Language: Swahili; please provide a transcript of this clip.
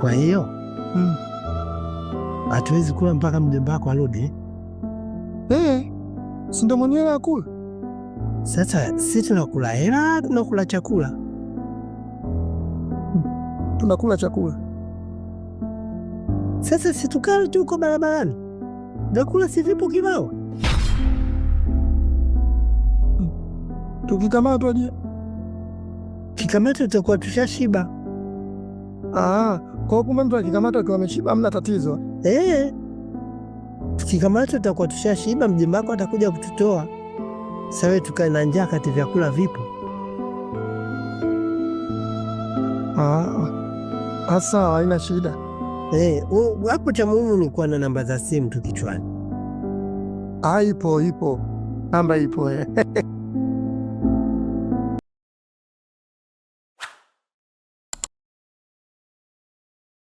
Kwa hiyo hmm, hatuwezi hmm, kula mpaka mjomba wako arudi. Hey, eh? eh, si ndo mwenye hela akula? Sasa si tunakula hela, tunakula chakula hmm, tunakula chakula. Sasa situkale tu uko barabarani, vyakula si vipo kibao hmm, tukikamata twaje? Kikamata tutakuwa tushashiba. Ah, kwa kumbe mtu akikamata akiwa ameshiba hamna tatizo eh? Tukikamatwa tutakuwa tushashiba, mjomba wako atakuja kututoa. Sawe tukae na njaa kati vyakula vipo. Ah, ah sawa, haina shida eh, hapo. Eh, cha muhimu ni kuwa na namba za simu tu kichwani. Ah, ipo ipo, namba ipo eh.